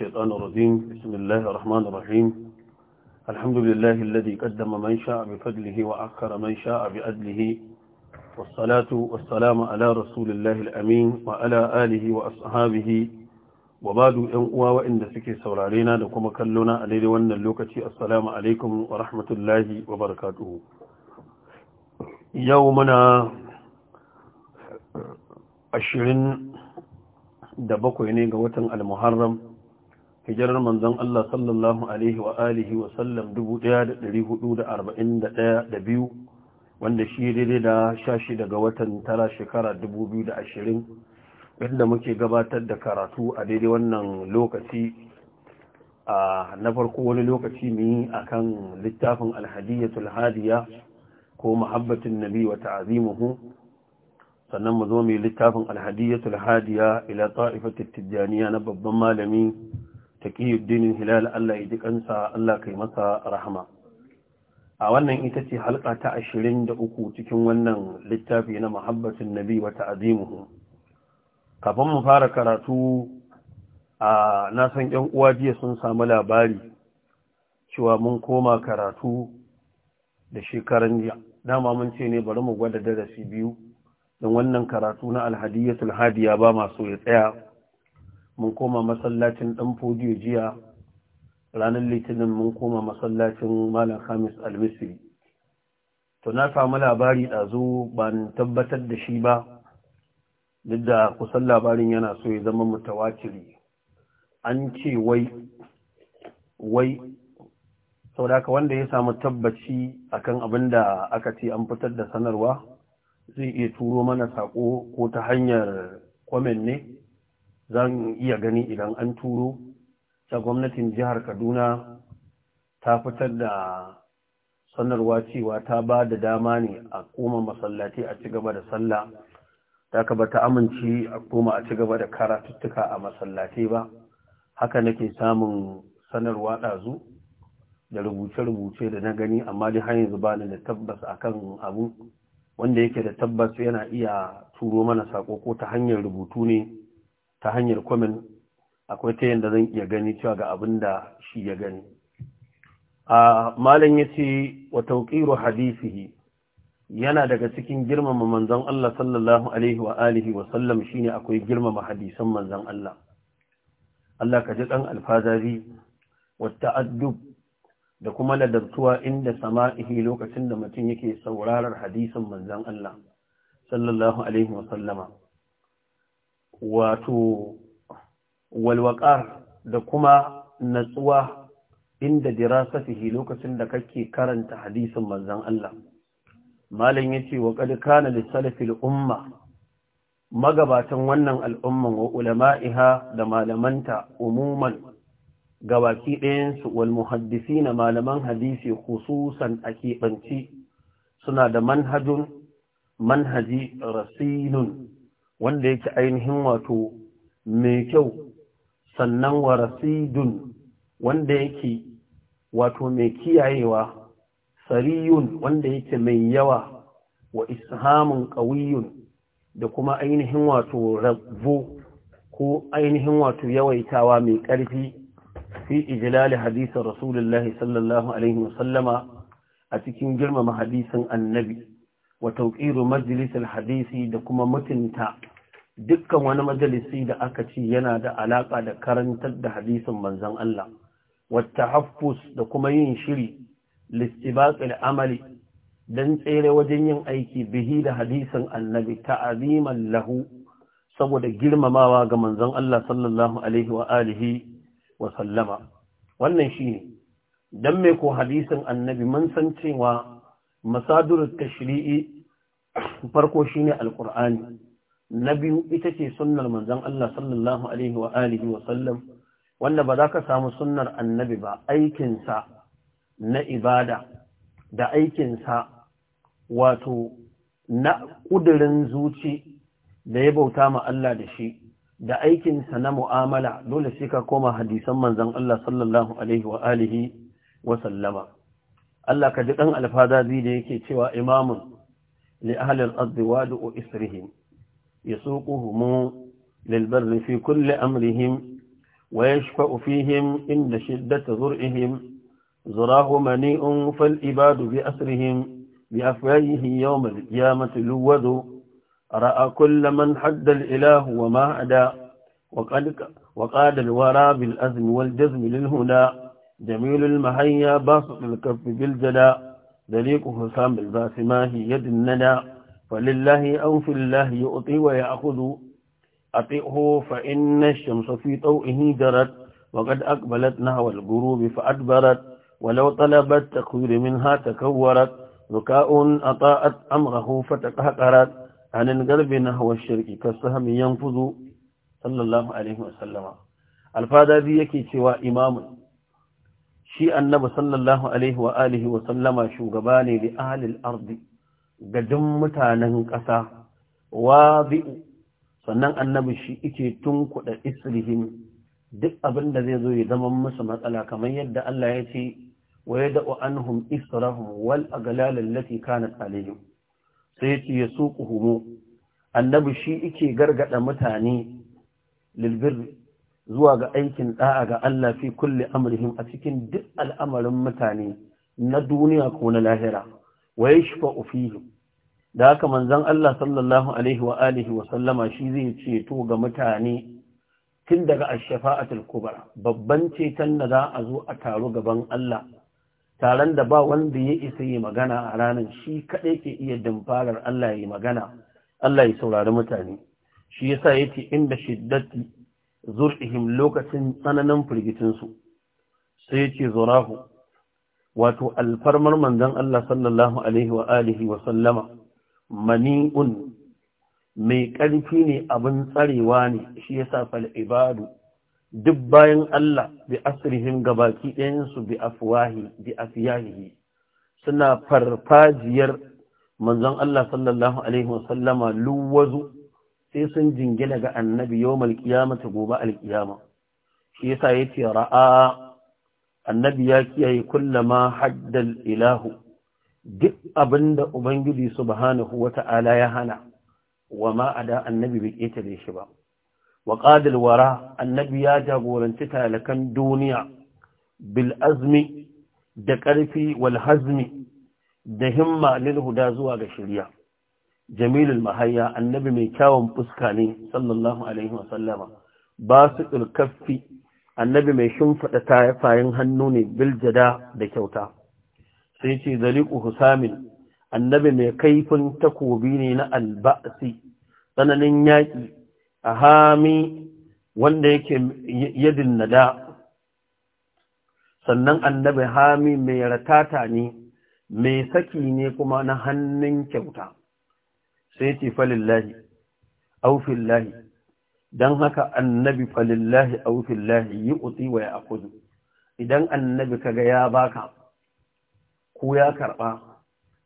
الشيطان الرجيم بسم الله الرحمن الرحيم الحمد لله الذي قدم من شاء بفضله وأخر من شاء بأدله والصلاة والسلام على رسول الله الأمين وعلى آله وأصحابه وبعد أنقوى وإن سكي سورارينا لكم كلنا عليه وأن اللوكة السلام عليكم ورحمة الله وبركاته يومنا ashirin da bakwai ne ga watan al-muharram hijirar manzon Allah sallallahu alaihi wa alihi wa sallam 1441 da biyu wanda shi daidai da shashi daga watan tara shekara 2020 inda muke gabatar da karatu a daidai wannan lokaci a na farko wani lokaci mu akan littafin alhadiyatul hadiya ko mahabbatin nabi wa ta'zimuhu sannan mu zo mai littafin alhadiyatul hadiya ila ta'ifatit tijjaniya na babban malami taqiyuddin hilal Allah ya ji kansa Allah kai masa rahama a wannan ita ce halka ta 23 cikin wannan littafi na muhabbatin nabi wa ta'zimuhu kafin mu fara karatu a na san ƴan uwa jiya sun samu labari cewa mun koma karatu da shekaran jiya dama mun ce ne bari mu gwada darasi biyu don wannan karatu na alhadiyatul hadiya ba masu ya tsaya mun koma masallacin ɗan fodiyo jiya ranar litinin mun koma masallacin malam hamis al al-misri to na samu labari ɗazu ba tabbatar da shi ba duk da kusan labarin yana so ya zama mutawatiri an ce wai wai saboda wanda ya samu tabbaci akan abin da aka ce an fitar da sanarwa zai iya turo mana sako ko ta hanyar kwamen ne zan iya gani idan an turo ta gwamnatin jihar kaduna ta fitar da sanarwa cewa ta ba da dama ne a koma masallaci a cigaba da sallah ta ka ta amince a koma a cigaba da karatuttuka a masallaci ba haka nake samun sanarwa ɗazu da rubuce-rubuce da na gani amma dai har yanzu ba da tabbas akan abu wanda yake da tabbas yana iya turo mana sako ko ta hanyar rubutu ne ta hanyar kwamin akwai ta yadda zan iya gani cewa ga abin da shi ya gani a malam ya ce wa tauƙiru hadisihi yana daga cikin girmama manzon Allah sallallahu alaihi wa alihi wa sallam shi ne akwai girmama hadisan manzon Allah Allah ka ji ɗan alfazazi wa ta'addub da kuma ladabtuwa inda sama'ihi lokacin da mutum yake sauraron hadisan manzon Allah sallallahu alaihi wa sallama wato walwaƙar da kuma natsuwa inda safihi lokacin da kake karanta hadisin manzan Allah malam ce wa qad kana lisalafil umma magabatan wannan al'umman wa ulama'iha da malamanta umuman gabaki ɗayansu wal na malaman hadisi hususan a keɓanci suna da manhajun manhaji rasinun wanda yake ainihin wato mai kyau sannan wa rasidun wanda yake wato mai kiyayewa sariyun wanda yake mai yawa wa ishamun ƙawiyun da kuma ainihin wato rabo ko ainihin wato yawaitawa mai ƙarfi fi ijilali hadisin rasulullahi sallallahu alaihi wasallama a cikin girmama hadisin annabi wa tauƙiru majalisar hadisi da kuma mutunta dukkan wani majalisi da aka ci yana da alaƙa da karantar da hadisin manzan Allah wata haffus da kuma yin shiri listibaƙil amali don tsere wajen yin aiki bihi da hadisin annabi ta'aziman lahu saboda girmamawa ga manzan Allah sallallahu alaihi wa alihi wa sallama wannan shi ne don me ko hadisin annabi mun san cewa masadur tashri'i farko shine alqur'ani na biyu ita ce sunnar manzon Allah sallallahu alaihi wa alihi wa sallam wanda ba za ka samu sunnar annabi ba aikin sa na ibada da aikin sa wato na kudirin zuci da ya bauta ma Allah da shi da aikinsa na mu'amala dole sai ka koma hadisan manzon Allah sallallahu alaihi wa alihi wa sallama Allah ka ji ɗan alfadazi da yake cewa imamun li ahlil ardi wadu'u isrihim yasuquhum lil barri fi kulli amrihim wa yashfa'u fihim inda shiddati zur'ihim zurahu mani'un fal ibadu bi asrihim bi afwahihi yawm al qiyamati luwadu ra'a kull man hadda al ilahu wa ma ada وقد وقاد الورى بالأزم والجزم للهدى جميل المحيا باسط الكف بالجلا ذليق حسام الباسماه يد الندى فلله أو في الله يؤطي ويأخذ أطئه فإن الشمس في طوئه جرت وقد أقبلت نحو الغروب فأدبرت ولو طلبت تكوير منها تكورت ذكاء أطاءت أمره فتقهقرت عن القلب نحو الشرك كالسهم ينفذ صلى الله عليه وسلم الفاذا ذي يكي سوى إمام shi annabi sallallahu alaihi wa alihi wa sallama shugaba ne da ahlil ardi ga duk mutanen ƙasa wazi'u sannan annabi shi yake tunkuda islihim duk abin da zai zo ya zama masa matsala kamar yadda Allah ya ce wa yad'u anhum israhum wal aghlal allati kanat alayhim sai yace yasuquhum annabi shi yake gargada mutane birri. zuwa ga aikin da'a ga Allah fi kulle amrihim a cikin duk al'amarin mutane na duniya ko na lahira wa yashfa'u fihi da haka manzon Allah sallallahu alaihi wa alihi wa sallama shi zai ceto ga mutane tun daga ash a kubra babban ceton da za a zo a taro gaban Allah taron da ba wanda ya isa yi magana a ranar shi kaɗai ke iya dimfarar Allah ya yi magana Allah ya saurari mutane shi yasa yace inda shiddati zur'ihim lokacin tsananin firgicinsu sai ce zurahu wato alfarmar manzon Allah sallallahu alaihi wa wa sallama mani'un mai ƙarfi ne abin tsarewa ne shi yasa fal ibadu duk bayan Allah bi asrihim gabaki ɗayansu bi afwahi bi suna farfajiyar manzan Allah sallallahu alaihi wa sallama luwazu sai sun jingina ga annabi yau malkiyama ta gobe alkiyama shi yasa ya ce ra'a annabi ya kiyaye kullama haddal ilahu duk abin da ubangiji subhanahu wata'ala ya hana wa ma ada annabi bai ƙetare shi ba wa wara annabi ya jagoranci talakan duniya bil azmi da ƙarfi wal hazmi da himma lil huda zuwa ga shirya. jamilul mahayya annabi mai kyawun fuska ne sallallahu alaihi wasallama ba su ƙirƙaffi annabi mai shimfiɗa tafayin hannu ne biljada da kyauta sai ce zaliku husamin annabi mai kaifin takobi ne na alba'asi tsananin yaƙi a hami wanda yake yadin nada sannan annabi hami mai ratata ne mai saki ne kuma na hannun kyauta sai ce falillahi aufillahi don haka annabi falillahi aufillahi yi utsi wa ya akudu idan annabi kaga ya baka ko ya karɓa?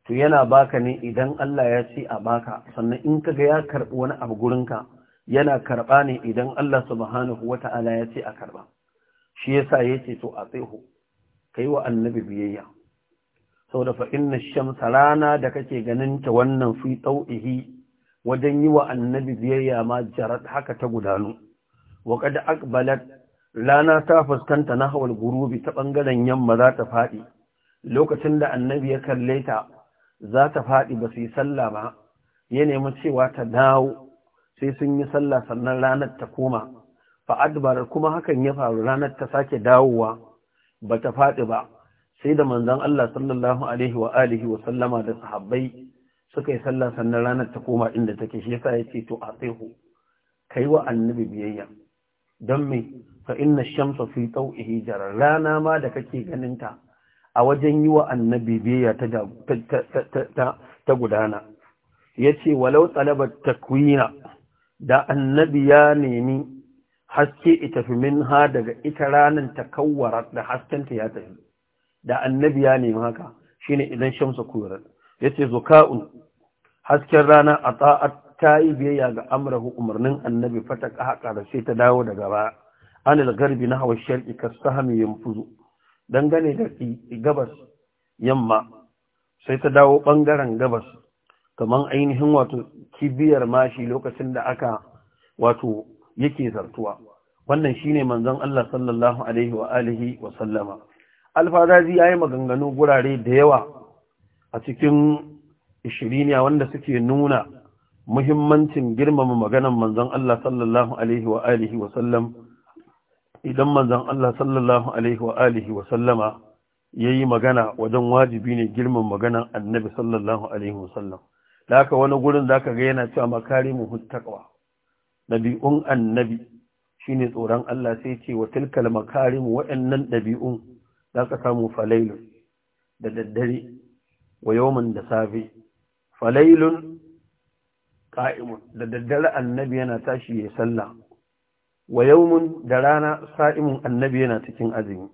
to yana baka ne idan Allah ya ce a baka sannan in kaga ya karɓi wani abu gurinka yana karɓa ne idan Allah subhanahu wata'ala ya ce a karɓa. shi yasa ce to a ka kai wa annabi biyayya Sau fa’in na shamsa rana da kake ganin ta wannan fi ɗau’ihi wajen yi wa annabi biyayya ma jarat haka ta gudanu wa qad rana lana ta fuskanta na hawan gurubi ta ɓangaren yamma za ta faɗi. lokacin da annabi ya kalle ta za ta faɗi ba su yi sallah ba ya nemi cewa ta dawo sai sun yi sallah sannan ranar ta koma fa kuma hakan ya faru ranar ta sake dawowa ba ta faɗi ba sai da manzon Allah sallallahu alaihi wa alihi wa sallama da sahabbai suka yi sallah sannan ranar ta koma inda take shi yasa yace to a tsaihu kai wa annabi biyayya don me fa inna shamsa fi tawhihi jarar rana ma da kake ganin ta a wajen yi wa annabi biyayya ta ta ta gudana yace walau talabat takwina da annabi ya nemi haske ita fi minha daga ita ranar ta kawwara da haskenta ya tafi da annabi ya nemi haka shine idan shamsa kuwarar yace zuka'un hasken rana a ta'at ta yi biyayya ga amrahu umarnin annabi fata haka da sai ta dawo da gaba. anil garbi na hawa sahami yin yanfuzu dangane da gabas yamma sai ta dawo ɓangaren gabas Kamar ainihin wato kibiyar mashi lokacin da aka wato yake zartuwa wannan shine manzon Allah sallallahu alaihi wa alihi wa sallama alfazazi yayi maganganu gurare da yawa a cikin a wanda suke nuna muhimmancin girmama maganan manzon Allah sallallahu alaihi wa alihi idan manzon Allah sallallahu alaihi wa alihi yayi magana wajen wajibi ne girmama maganan annabi sallallahu alaihi wa sallam haka wani gurin zaka ga yana cewa mu hutakawa. dabi'un annabi shine tsoron Allah sai ce wa tilkal makarimu ɗabi'un, za zaka samu falailu da daddare wa da safe falailun qa'imun da daddare annabi yana tashi ya sallah wa yawmun da rana sa'imun annabi yana cikin azumi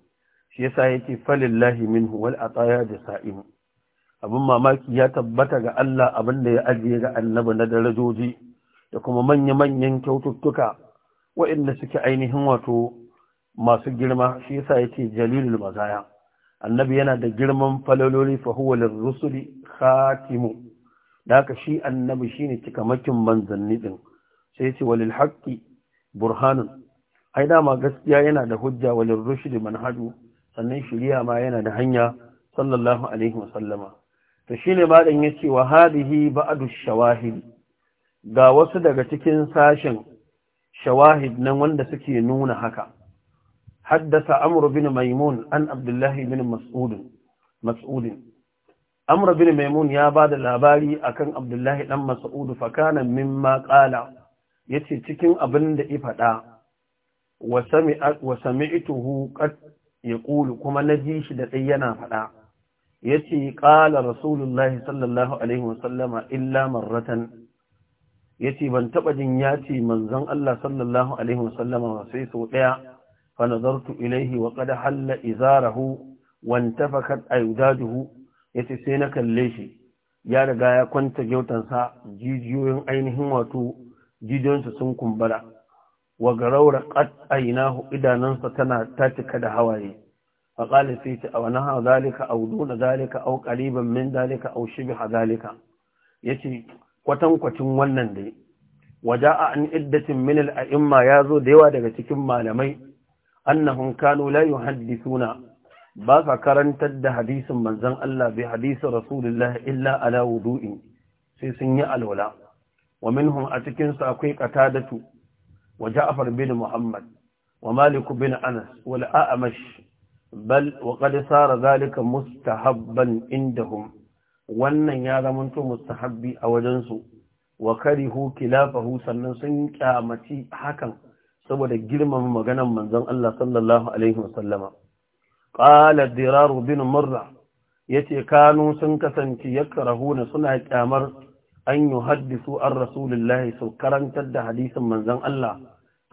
shi yasa yake falillahi minhu wal ataya da Sa'imu. abin mamaki ya tabbata ga Allah abin da ya ajiye ga annabi na darajoji da kuma manya-manyan kyaututtuka waɗanda suke ainihin wato masu girma shi yasa yake jalilul mazaya annabi yana da girman falololi fa huwa lirrusuli khatimu da shi annabi shine cikamakin manzanni ɗin sai ya ce walil burhanun ai dama gaskiya yana da hujja walil rushdi manhaju sannan shiriya ma yana da hanya sallallahu alaihi wa sallama to shine ma dan yace wa hadihi ba'du shawahid ga wasu daga cikin sashen shawahid nan wanda suke nuna haka haddasa amru bin maimun an abdullahi bin mas'ud amra bin maimun ya ba da labari akan abdullahi dan mas'ud fa kana mimma qala yace cikin abin da i faɗa wa sami'a wa sami'tuhu qad yaqulu kuma naji shi da dai yana faɗa yace qala rasulullahi sallallahu alaihi wa sallama illa marratan yace ban taba jin yace manzon Allah sallallahu alaihi wa sallama sai so daya fa nazartu ilaihi wa qad halla izarahu wantafakat aydaduhu ya ce sai na kalle shi ya riga ya kwanta gyautansa jijiyoyin ainihin wato jijiyonsa sun kumbura wa garaura a ainahu idanansa tana ta cika da hawaye fa qala sai ta aw naha zalika aw duna zalika aw qariban min zalika aw shibha zalika yace kwatan kwatankwacin wannan dai a an iddatin a Imma ya zo da yawa daga cikin malamai Kano kano la suna. ba sa karantar da hadisin manzon Allah bi hadisin Rasulullah illa ala wudu'in sai sun yi alwala wa minhum a cikin su akwai qatadatu wa Ja'far bin Muhammad wa Malik bin Anas wal A'mash bal wa qad sara zalika mustahabban indahum wannan ya zamanto mustahabbi a wajen su wa karihu kilafahu sannan sun kyamaci hakan saboda girmama maganar manzon Allah sallallahu alaihi wasallama qala dirar bin murra yace kanu sun kasance yakrahuna suna kyamar an haddisu an rasulillahi su karantar da hadisin manzan Allah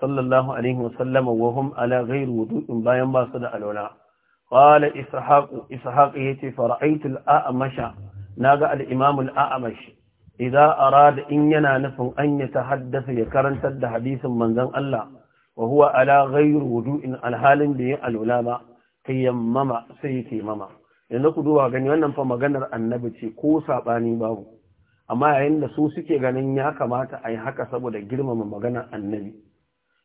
sallallahu alaihi wasallama wa hum ala ghairi wudu'in bayan ba su da alwala qala ishaq ishaq yace fara'aytu al-a'masha naga al-imam al-a'mash idza arada in yana nufin an ya haddasa ya karantar da hadisin manzon Allah wa huwa ala ghairi wudu'in alhalin da ya alwala ba tayammama sai ya mama. yanzu ku duba gani wannan fa maganar annabi ce ko saɓani babu amma yayin da su suke ganin ya kamata a yi haka saboda girmama maganar annabi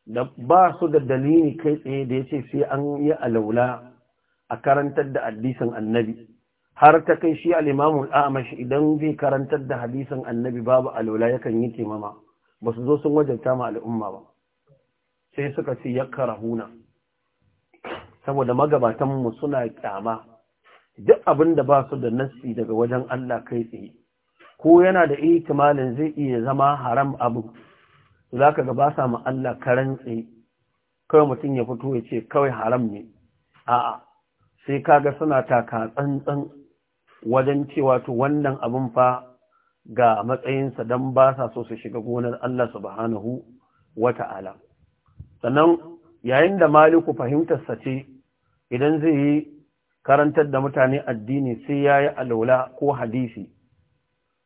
da ba su da dalili kai tsaye da ya ce sai an yi alaula a karantar da hadisin annabi har ta kai shi al'imamu Al'amashi idan zai karantar da hadisin annabi babu alaula yakan yi kimama, ba su zo sun wajen ma al'umma ba sai suka ce ya karahuna saboda magabatanmu suna kyama duk abin da ba su da nassi daga wajen Allah kai tsaye ko yana da ihtimalin zai iya zama haram abu za ka ga ba sa ma Allah ka tsaye kawai mutum ya fito ya ce kawai haram ne a'a sai ka ga suna taka tsantsan wajen cewa to wannan abin fa ga matsayinsa don ba sa so su shiga gonar Allah subhanahu wata'ala ala. Sannan yayin da Maliku fahimtarsa ce idan zai yi karantar da mutane addini sai ya yi alaula ko hadisi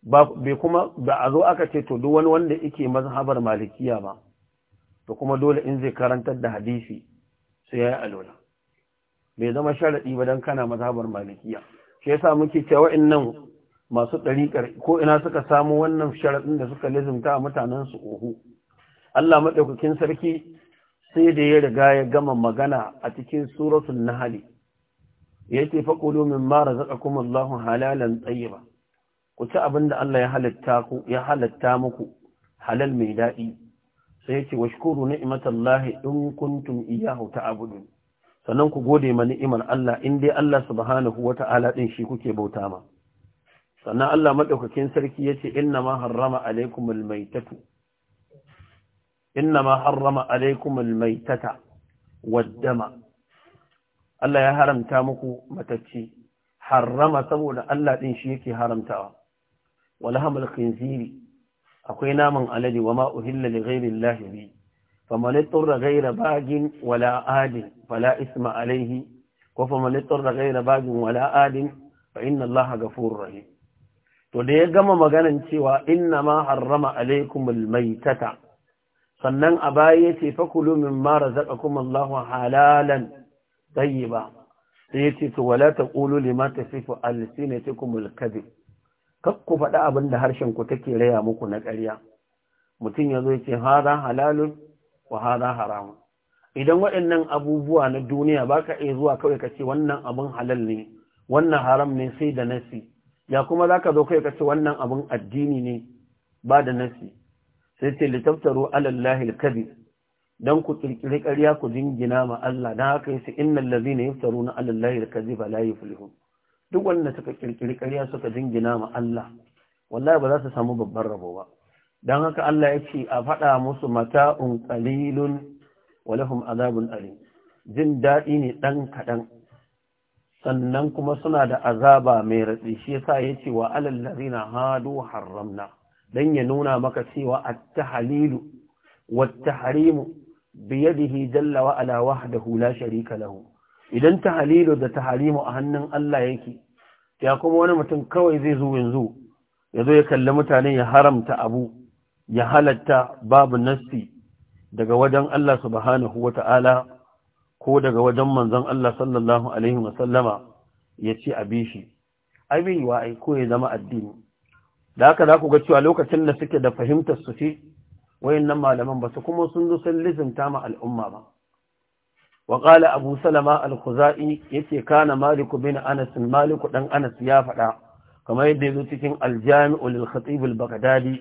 bai kuma ba a zo aka ce to duk wani wanda yake mazhabar malikiya ba to kuma dole in zai karantar da hadisi sai ya yi alaula bai zama sharaɗi ba don kana mazhabar malikiya shi yasa muke cewa nan masu ɗariƙar ko ina suka samu wannan sharaɗin da suka lizimta a mutanen su ohu Allah maɗaukakin sarki sai da ya riga ya gama magana a cikin suratul nahl yace faqulu mimma razaqakum Allahu halalan tayyiba ku ci abinda Allah ya halatta muku halal mai daɗi. sai yace washkuru ni'matallahi in kuntum ta ta'budun sannan ku gode ma ni'imar Allah in dai Allah subhanahu ta'ala din shi kuke bauta ma sannan Allah maɗaukakin sarki yace inna ma harrama alaikumul maitatu innama harrama alaikumul maitata waddama Allah ya haramta muku mataci harrama saboda Allah ɗin shi yake haramtawa walhamul khinziri akwai naman alade wa ma uhilla li ghairi Allah bi faman ittara bagin wala adin fala isma alaihi wa faman ittara ghaira bagin wala adin fa inna Allah ghafurur rahim to da ya gama maganan cewa inna ma harrama alaikumul maitata sannan a baya ya ce fakulu min mara zaƙa kuma Allah halalan tsayi ba sai ya ce su wala ta ƙulu lima ta alisi ne ce kuma alkabi kak ku faɗa abin da harshen ku take raya muku na ƙarya mutum ya zo ya ce hada halalun wa hada haramun idan waɗannan abubuwa na duniya ba ka iya zuwa kawai ka ce wannan abin halal ne wannan haram ne sai da nasi ya kuma za ka zo kawai ka ce wannan abin addini ne ba da nasi sai ce litaftaru ala Allah al-kadhib dan ku kirkiri ƙarya ku jingina ma Allah dan haka yace innal ladhina yaftaruna ala Allah al-kadhib la yuflihun duk wanda suka kirkiri ƙarya suka jingina ma Allah wallahi ba za su samu babban rabo ba dan haka Allah ya ce a faɗa musu mata'un qalilun wa lahum azabun alim jin daɗi ne ɗan kaɗan sannan kuma suna da azaba mai ratsi shi yasa ce wa alal ladhina hadu harramna dan ya nuna maka cewa at-tahlilu wat-tahrimu biyadihi da wa ala da hula sharika lahu idan tahlilu da tahrimu a hannun Allah yake ya kuma wani mutum kawai zai zo yanzu ya zo ya kalli mutane ya haramta abu ya halatta babu nasti daga wajen Allah subhanahu ko daga wajen manzon Allah sallallahu alaihi wasallama ya ce abi shi abi wa aiko ya zama addini da haka za ku ga cewa lokacin da suke da fahimtar su ce wayannan malaman ba su kuma sun zo sun lizinta ma al'umma ba wa qala abu salama al-khuzai yace kana malik bin anas malik dan anas ya faɗa kamar yadda yazo cikin al-jami'u lil khatib al-baghdadi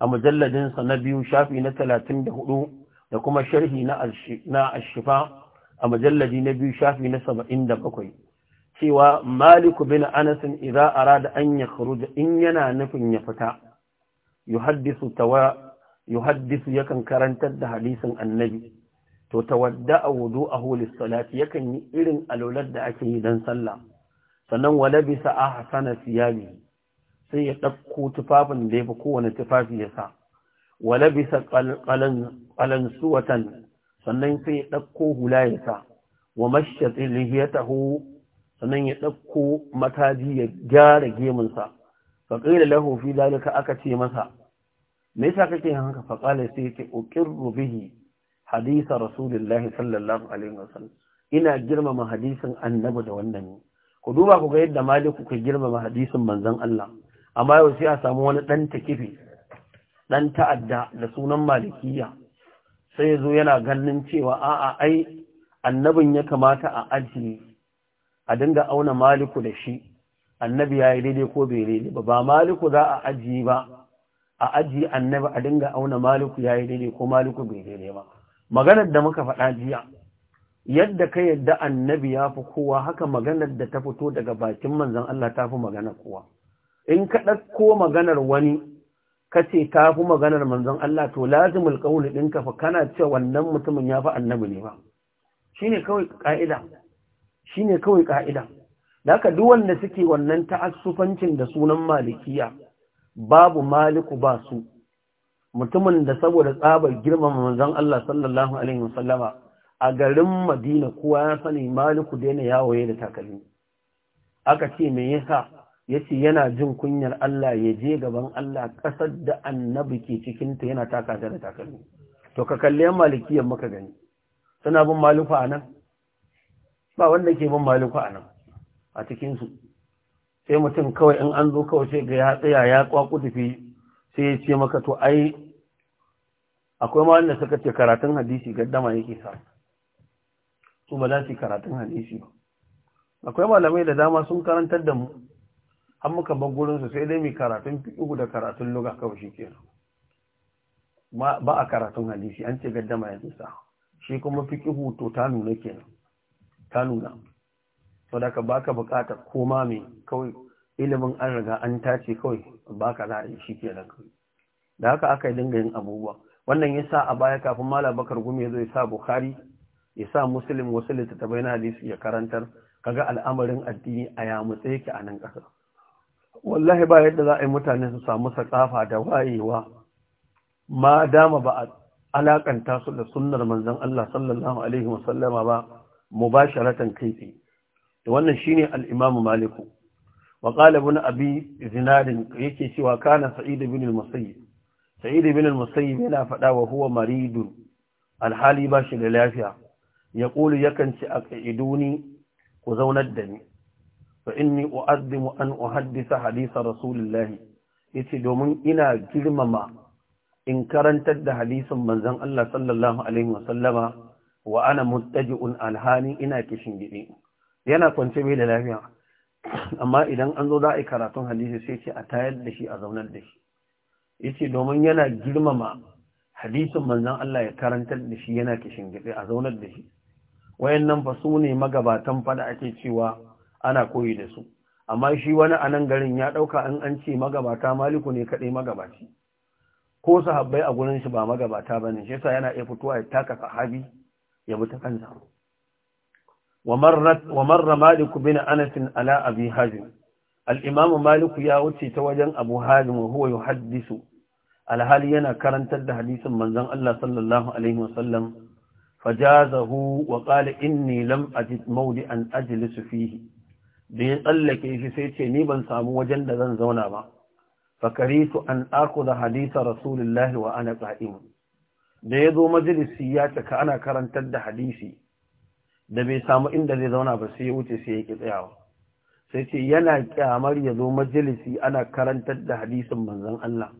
a mujalladin sa na biyu shafi na 34 da kuma sharhi na na shifa a mujalladi na biyu shafi na 77 cewa maliku bin anasin idza da an ya khuruja in yana nufin ya fita yuhaddisu yakan karantar da hadisin annabi to tawadda'a wudu'ahu a salati yakan yi irin alular da ake yi dan sallah sannan walabisa ahsana siyabi sai ya dauko tufafin da yafi kowane tufafi ya sa wale bisa qalan sannan sai ya dauko hula ya sa wa ya lihiyatahu sannan ya ɗauko mataji ya gyara gemunsa faƙila lahu fi dalika aka ce masa me yasa kake haka faƙala sai ce uqirru bihi hadisa rasulullahi sallallahu alaihi wasallam ina girmama hadisin annabi da wannan ku duba ku ga yadda maliku ka girmama hadisin manzon Allah amma yau sai a samu wani dan takifi ɗan ta'adda da sunan malikiya sai yazo yana ganin cewa a'a ai annabin ya kamata a ajiye a dinga auna maliku da shi annabi ya yi daidai ko bai daidai ba ba maliku za a ajiye ba a ajiye annabi a dinga auna maliku ya yi daidai ko maliku bai daidai ba maganar da muka faɗa jiya yadda ka yadda annabi ya fi kowa haka maganar da ta fito daga bakin manzon Allah ta fi maganar kowa in ka ɗauko maganar wani ka ce ta fi maganar manzon Allah to lazimul ƙauli ɗinka fa kana cewa wannan mutumin ya fi annabi ne ba shine kawai ƙa'ida Shi ne kawai ka'ida haka duk wanda suke wannan ta'assufancin da sunan malikiya babu maliku ba su mutumin da saboda tsabar girmama manzon Allah sallallahu alaihi wasallama a garin Madina kowa ya sani maliku da daina ya da takalmi aka ce me yasa ce yana jin kunyar Allah ya je gaban Allah ƙasar da annabi ke cikinta yana taka da takalmi to ka kalli yan malikiyar maka gani suna bin maliku nan? ba wanda ke bin maliku a nan a cikinsu sai mutum kawai in an zo kawai sai ga ya tsaya ya kwaku tafi sai ya ce maka to ai akwai ma wanda suka ce karatun hadisi gaddama yake sa su ba za su karatun hadisi ba akwai malamai da dama sun karantar da mu an muka gurin su sai dai mai karatun fiƙihu da karatun luga kawai shi kenan ba a karatun hadisi an ce gaddama ya sa shi kuma fiƙihu to ta nuna kenan ta nuna sau da ka baka bukata koma mai kawai ilimin an riga an tace kawai baka za a yi shi ke da haka aka yi dinga yin abubuwa wannan ya sa a baya kafin mala bakar gumi ya zo ya sa bukhari ya sa musulun wasu littattafai na hadisi ya karantar Ka ga al'amarin addini a mutse yake a nan ƙasa wallahi ba yadda za a yi mutane su samu sakafa da wayewa ma dama ba a alakanta su da sunnar manzon Allah sallallahu alaihi wasallama ba mubasharatan kai tsaye da wannan shine al-imamu maliku wa qala ibn abi zinadin yake cewa kana sa'id ibn al-musayyib sa'id ibn al-musayyib yana fada wa huwa maridun alhali ba shi da lafiya ya kulu yakan ci a qaiduni ku zaunar da ni fa inni u'addimu an uhaddisa hadisa rasulillahi yace domin ina girmama in karantar da hadisin manzon Allah sallallahu alaihi wa ana muttaji'un alhani ina kishin gidi yana kwance mai da lafiya amma idan an zo za a yi karatun hadisi sai ce a tayar da shi a zaunar da shi yace domin yana girmama hadisin manzon Allah ya karantar da shi yana kishin gidi a zaunar da shi wayannan fa su ne magabatan fada ake cewa ana koyi da su amma shi wani a nan garin ya dauka an an ce magabata maliku ne kadai magabaci ko sahabbai a gurin shi ba magabata bane shi yasa yana iya fitowa ya taka sahabi ya kansa wa marra maliku bin anasin ala abi al al'imamu maliku ya wuce ta wajen abu hajjin wa huwa yuhaddisu alhali yana karantar da hadisin manzon Allah sallallahu alaihi wasallam fajazahu wa qala inni lam ajid mawdi'an ajlisu fihi da ya tsallake shi sai ce ni ban samu wajen da zan zauna ba fakaritu an akhudha hadisa rasulullahi wa ana ƙa'imu. da ya zo majalisi ya cika ana karantar da hadisi da bai samu inda zai zauna ba sai ya wuce sai ya ki tsayawa sai ce yana kyamar ya zo majalisi ana karantar da hadisin manzon Allah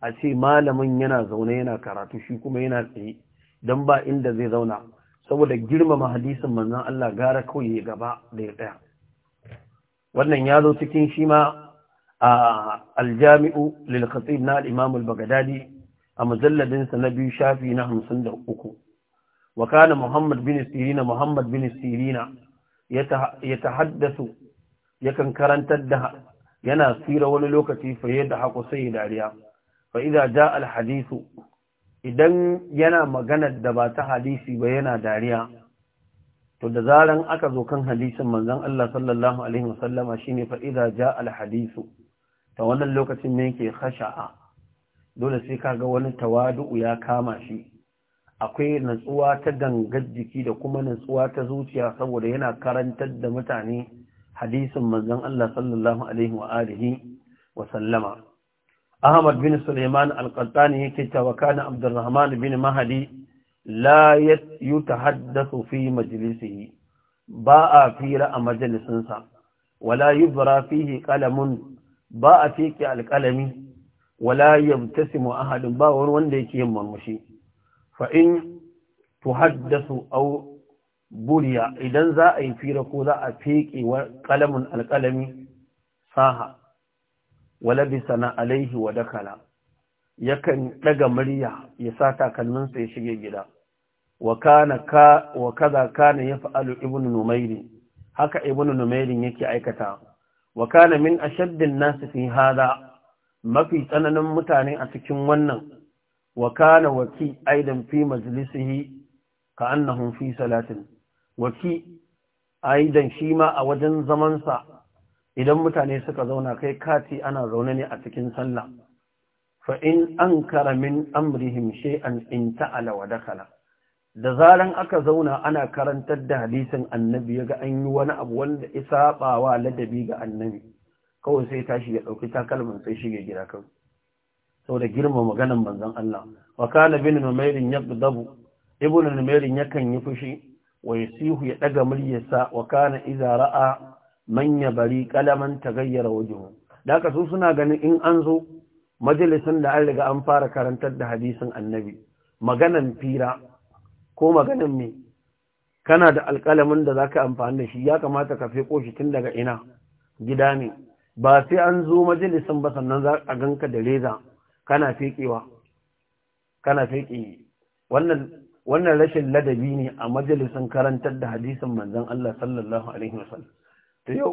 a ce malamin yana zaune yana karatu shi kuma yana tsaye don ba inda zai zauna saboda girmama hadisin manzon Allah gara kawai ya gaba da ya tsaya wannan ya zo cikin shi ma a aljami'u lil khatib na al-imam al a mujalladinsa na biyu shafi na hamsin da uku Wakana muhammad bin sirina muhammad bin sirina ya tahaddasu yakan karantar da yana tsira wani lokaci fiye da haku sai dariya fa al idan yana magana da ba ta hadisi ba yana dariya to da zaran aka zo kan hadisin manzon Allah sallallahu alaihi wasallama shine ne idza al ta wannan lokacin ne yake hasha'a dole sai kaga wani tawadu'u ya kama shi akwai natsuwa ta gangar jiki da kuma natsuwa ta zuciya saboda yana karantar da mutane hadisin manzon Allah sallallahu alaihi wa alihi wa sallama Ahmad bin Sulaiman al-Qattani yake cewa kana Abdurrahman bin Mahdi la yutahaddathu fi majlisihi ba a fira a majalisinsa wala yubra fihi qalamun ba a fiki alqalami wala yamtasimu ahadin ba wani wanda yake yin murmushi fa in tuhaddasu aw buriya idan za a yi fira ko za a feke ƙalamin alkalami saha wala bisana alaihi wa dakala yakan daga murya ya sa takalminsa ya shige gida wa kana ka wa kaza kana yaf'alu ibnu numayri haka ibnu numayrin yake aikata wa kana min ashaddin nas fi hada mafi tsananin mutane a cikin wannan wa kana waki aidan fi majlisihi ka annahum fi salatin waki aidan shi ma a wajen zamansa idan mutane suka zauna kai kati ana zaune ne a cikin sallah fa in ankara min amrihim shay'an in ta'ala wa dakala da zaran aka zauna ana karantar da hadisin annabi yaga an yi wani abu wanda isa bawa ladabi ga annabi kawai sai tashi ya ɗauki takalmin sai shige gida kan da girma maganan manzon Allah wa kana bin numairin dabu, ibnu numairin yakan yi fushi wa yasihu ya ɗaga muryarsa wa kana idza ra'a man kalaman ta tagayyara wajhu da haka su suna ganin in an zo majalisin da an riga an fara karantar da hadisin annabi maganan fira ko maganan me kana da alƙalamin da zaka amfani da shi ya kamata ka feko shi tun daga ina gida ne ba sai an zo majalisan ba sannan za a ganka da reza kana fekewa kana feke wannan wannan rashin ladabi ne a majalisan karantar da hadisin manzon Allah sallallahu alaihi wasallam to yau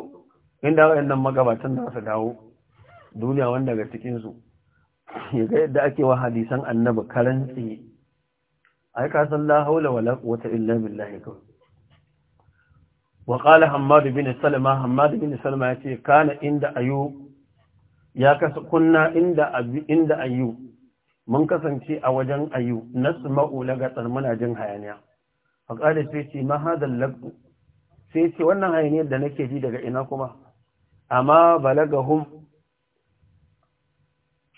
inda wayannan magabatan da su dawo duniya wanda ga cikin su ya ga yadda ake wa hadisan annabi karantsi. ai ka san la haula wala quwwata illa billahi kawai وقال حماد بن سلمة حماد بن سلمة يتي كان عند أيوب يا كس كنا عند عند أيوب من كسنتي أوجن أيوب نسمع لغة من جن هيانيا فقال سيتي ما هذا اللغو سيتي وانا هيانيا دا نكي جي دغا إناكما أما بلغهم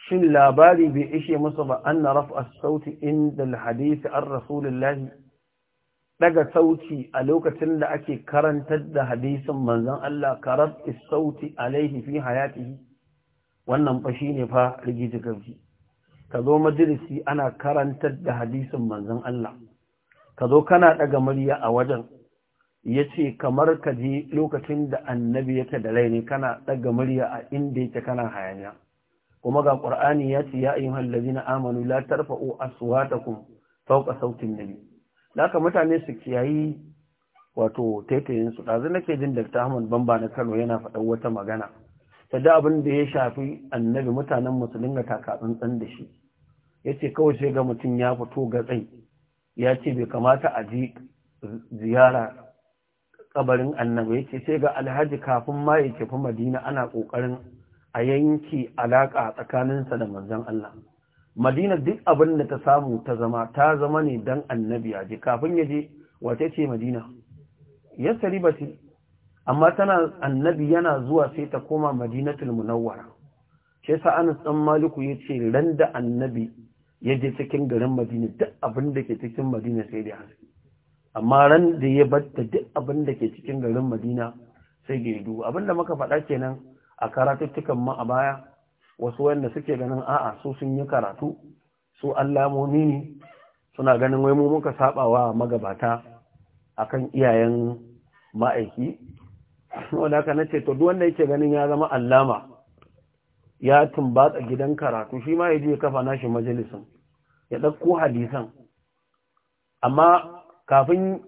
شن لاباري بإشي مصبا أن رفع الصوت عند الحديث عن رسول الله daga sauti a lokacin da ake karantar da hadisin manzon Allah is sauti alaihi fi hayatihi wannan fa ne fa rigiji gafi ka zo majalisi ana karantar da hadisin manzon Allah ka zo kana daga murya a wajen yace kamar ka je lokacin da annabi yake da ne kana daga murya a inda yake kana hayaniya kuma ga qur'ani yace ya na amanu la tarfa'u aswatakum fawqa sautin nabi da haka mutane su kiyayi wato taitayin su ɗazu nake jin Dr. Ahmad Bamba na Kano yana faɗa wata magana Ta da abin da ya shafi annabi mutanen musulun su dinga da shi Ya ce kawai sai ga mutum ya fito ga tsayi ya ce bai kamata a ji ziyara kabarin annabi ce sai ga alhaji kafin ma ya tafi madina ana ƙoƙarin a yanki alaƙa tsakaninsa da manzon Allah madina duk abin da ta samu ta zama ta zama ne dan annabi a kafin ya je wace ce madina yasari ba ce amma tana annabi yana zuwa sai ta koma madinatul munawwara shi sa Anas dan Maliku yace ran da annabi ya je cikin garin Madina duk abin da ke cikin Madina sai da haske amma ran da ya batta duk abin da ke cikin garin Madina sai da dubu abin da muka faɗa kenan a karatuttukan mu a baya wasu wanda suke ganin a'a su sun yi karatu su allamomi ne suna ganin wai mu muka sabawa magabata akan iyayen ma'aiki wanda ka nace to duk wanda yake ganin ya zama allama ya tumbatsa gidan karatu shi ma yaje kafa nashi majalisin ya dauko hadisan amma kafin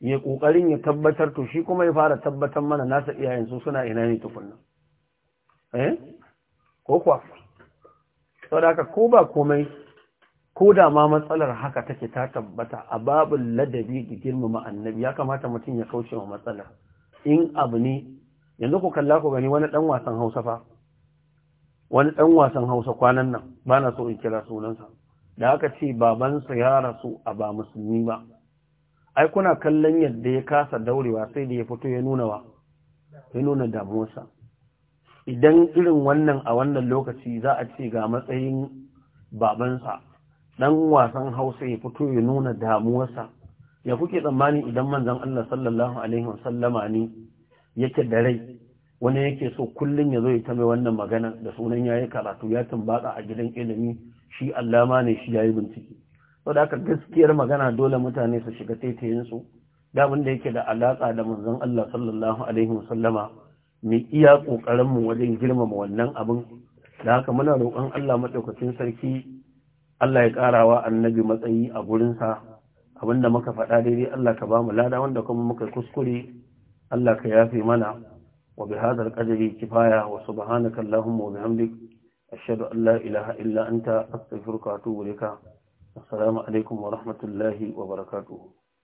ya kokarin ya tabbatar to shi kuma ya fara tabbatar mana nasa iyayen su suna ina ne tukunna eh ko kuwa sau da haka ko ba komai ko da ma matsalar haka take ta tabbata a babin ladabi da girmama annabi ya kamata mutum ya kauce wa matsalar in abu ne yanzu ku kalla ku gani wani dan wasan hausa fa wani dan wasan hausa kwanan nan ba na so in kira sunansa da aka ce babansa ya rasu a ba musulmi ba ai kuna kallon yadda ya kasa daurewa sai da ya fito ya nuna wa ya nuna damuwarsa idan irin wannan a wannan lokaci za a ce ga matsayin babansa dan wasan hausa ya fito ya nuna damuwarsa ya kuke tsammani idan manzon Allah sallallahu alaihi wasallama ne yake da rai wani yake so kullum ya zo ya tambaye wannan magana da sunan ya yi karatu ya tambatsa a gidan ilimi shi allama ne shi ya yi bincike saboda haka gaskiyar magana dole mutane su shiga Da damin da yake da alaƙa da manzon Allah sallallahu alaihi wasallama mai iya kokarin mu wajen girmama wannan abin da haka muna roƙon Allah maɗaukacin sarki Allah ya karawa annabi matsayi a gurin sa abinda muka faɗa daidai Allah ka ba mu lada wanda kuma muka kuskure Allah ka yafe mana wa bi hadal kifaya wa subhanaka allahumma wa bihamdik ashhadu an la ilaha illa anta astaghfiruka wa atubu ilaik assalamu alaikum wa rahmatullahi wa barakatuh